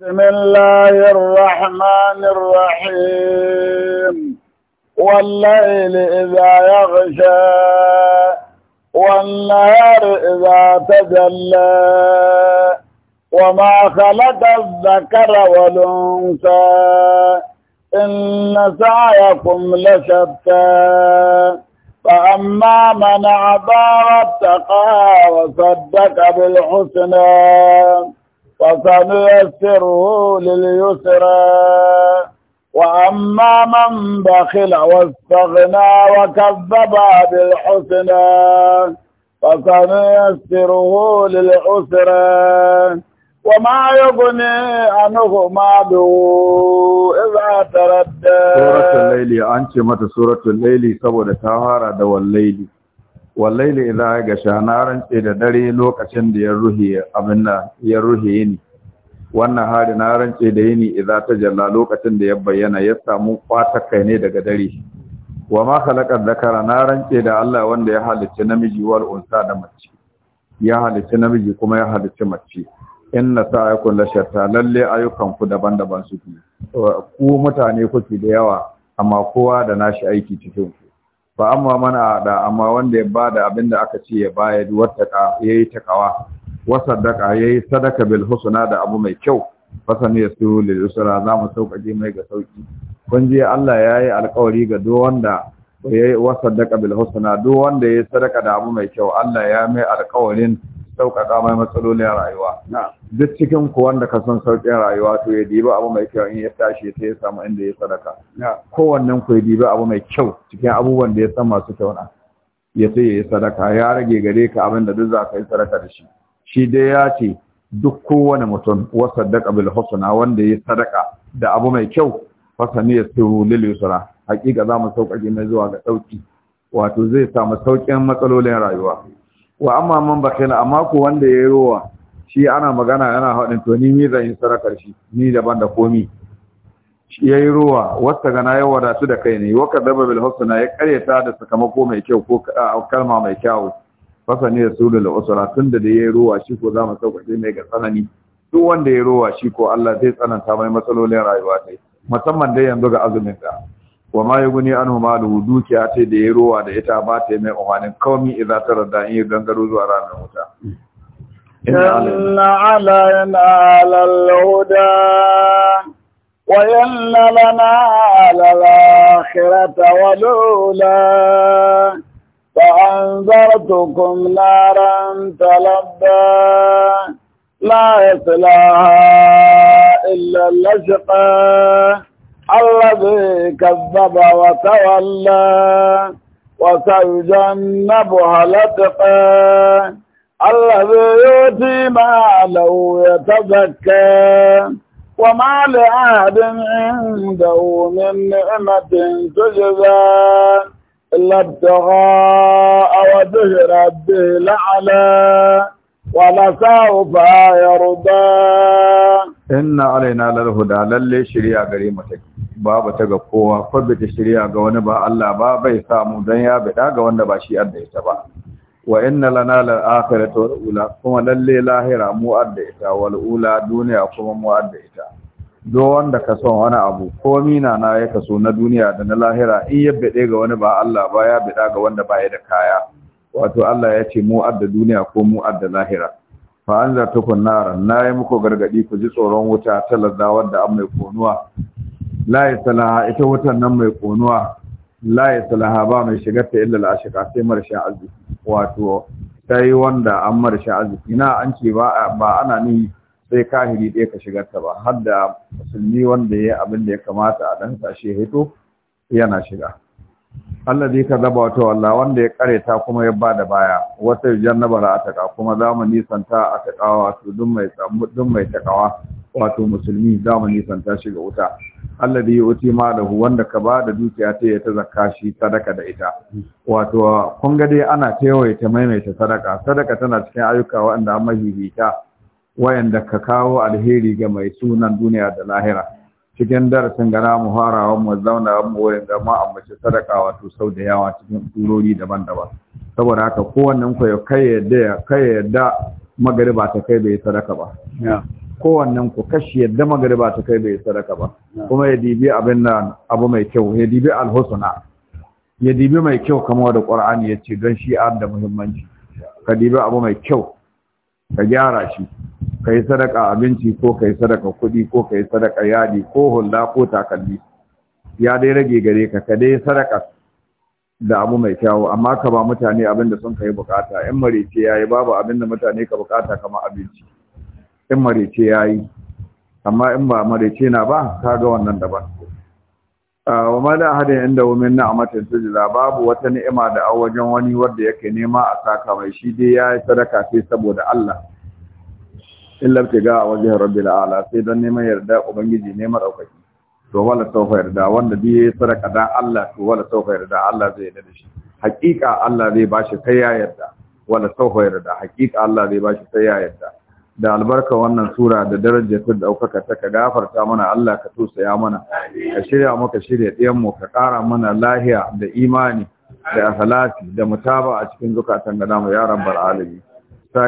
بسم الله الرحمن الرحيم والليل إذا يغشى والنهار إذا تجلى وما خلق الذكر والأنثى إن سعيكم لشتى فأما من أعطى واتقى وصدق بالحسنى وسنيسره لليسرى وأما من بخل واستغنى وكذب بالحسنى فسنيسره للعسرى وما يغني عنه ماله إذا تردى سورة الليل أنت متى سورة الليل سبب دوى والليل wallaili idza gasha na rance da dare lokacin da ya ruhi abin da ya ruhi ni wannan hari na rance da yini ta Jalla lokacin da ya bayyana ya samu kwata kai ne daga dare wa ma khalaqa dhakara na rance da Allah wanda ya halicci namiji wal unsa da mace ya halicci namiji kuma ya halicci mace inna sa'akum la shatta lalle ayyukan ku daban-daban suke ku mutane kuke da yawa amma kowa da nashi aiki cikin ku Ba amma mana da amma wanda ya ba da abin da aka ce ya bayar wata ka yayi takawa wa sadaka yayi sadaka bil husna da abu mai kyau fasan ya su lil usra za mu sauƙaƙe mai ga sauƙi kun ji Allah yayi alƙawari ga duk wanda yayi wa sadaka bil husna duk wanda yayi sadaka da abu mai kyau Allah ya mai alƙawarin sauƙaƙa mai matsalolin rayuwa duk cikin ku wanda ka sauƙin rayuwa to ya diba abu mai kyau in ya tashi sai ya samu inda ya sadaka kowannen ku ya diba abu mai kyau cikin abubuwan da ya san masu kyau na ya sai ya sadaka ya rage gare ka abin da duk za ka yi sadaka da shi shi dai ya ce duk kowane mutum wasa da ƙabil husna wanda ya sadaka da abu mai kyau fasa ne ya siru lilisura. hakika za mu sauƙaƙe mai zuwa ga ɗauki wato zai samu sauƙin matsalolin rayuwa wa amma man bakaina. amma ko wanda ya rowa shi ana magana yana haɗin to ni zan yi sarakar shi ni daban da komi ya yi ruwa wasta gana ya wadatu da kai ne waka daba bil husna ya karyata da sakamako mai kyau ko kalma mai kyau fasa ne da usra tunda da ya yi ruwa, shi ko za sauka sauƙaƙe mai ga tsanani duk wanda ya yi ruwa, shi ko Allah zai tsananta mai matsalolin rayuwa tai musamman dai yanzu ga azumin da wa ma an anhu da dukiya ta da ya rowa da ita ba ta mai umarnin kawmi idza da in yi gangaro zuwa ranar wuta إن علينا للهدى وإن لنا للآخرة والأولى فأنذرتكم نارا تلبى لا يصلاها إلا الأشقى الذي كذب وتولى وسيجنبها لتقى الذي يؤتي لو يتزكى وما لأحد عنده من نعمة تجزى إلا ابتغاء وجه ربه لعلى ولسوف يرضى inna alaina huda lalle shirya gare mu take babu ta ga kowa ko ta shirya ga wani ba Allah ba bai samu dan ya bida ga wanda ba shi adda ita ba wa inna lana lal akhiratu wal ula kuma lalle lahira mu adda ita wal ula duniya kuma mu adda ita do wanda ka son wani abu ko mina na ya kaso na duniya da na lahira in ya bide ga wani ba Allah ba ya bida ga wanda ba ya da kaya wato Allah ya ce mu adda duniya ko mu adda lahira fa an za ta nara na yi muku gargadi ku ji tsoron wuta ta lazawar da an mai konuwa layi salaha ita wutan nan mai konuwa layi salaha ba mai shigar ta illa la'ashika sai marashin arziki wato ta yi wanda an marashin arziki na an ce ba ana ni sai kahiri ɗaya ka shigar ta ba har da musulmi wanda ya yi abin da ya kamata a ɗan sashe hito yana shiga Allah zai ka zaba wata walla wanda ya kareta kuma ya bada baya wata jannaba a ataka kuma zamu nisanta ataka wato dun mai dun mai takawa wato musulmi zamani santa shi ga wuta Allah ya wuce ma da wanda ka ba da dukiya ta ya ta zakka shi sadaka da ita wato kun ga dai ana ta maimaita sadaka sadaka tana cikin ayyuka wanda an mahihita wayanda ka kawo alheri ga mai sunan duniya da lahira cikin darasin gana mu farawa mu zauna mu wurin da ma ambaci sadaka wato sau da yawa cikin turori daban-daban saboda haka kowannen ku ya kai yadda kai yadda magariba ta kai bai sadaka ba kowannen ku kashi yadda magariba ta kai bai sadaka ba kuma ya dibi abin da abu mai kyau ya dibi alhusna ya dibi mai kyau kamar da qur'ani ya ce don shi da muhimmanci ka dibi abu mai kyau ka gyara shi ka yi sadaka abinci ko ka yi sadaka kuɗi ko ka yi sadaka yadi ko hulla ko takalmi ya dai rage gare ka ka dai sadaka da abu mai kyawu amma ka ba mutane abin da sun kai bukata in ya yayi babu abin da mutane ka bukata kamar abinci in ya yayi amma in ba ce na ba ka ga wannan daban wa ma da hadin inda wumin na'amatin tujla babu wata ni'ima da a wajen wani wanda yake nema a saka mai shi dai yayi sadaka sai saboda Allah In illa ga wajen rabbil ala sai don neman yarda ubangiji ne madaukaki to wala tsofa yarda wanda biye sadaka da Allah to wala tsofa yarda Allah zai yarda da shi hakika Allah zai bashi sai ya yarda wala tsofa yarda hakika Allah zai bashi sai ya yarda da albarka wannan sura da darajar ta daukaka ta ka gafarta mana Allah ka tusaya mana ka shirya maka shirya ɗiyan mu ka ƙara mana lahiya da imani da akhlaqi da mutaba a cikin zukatan ga namu ya rabbal alamin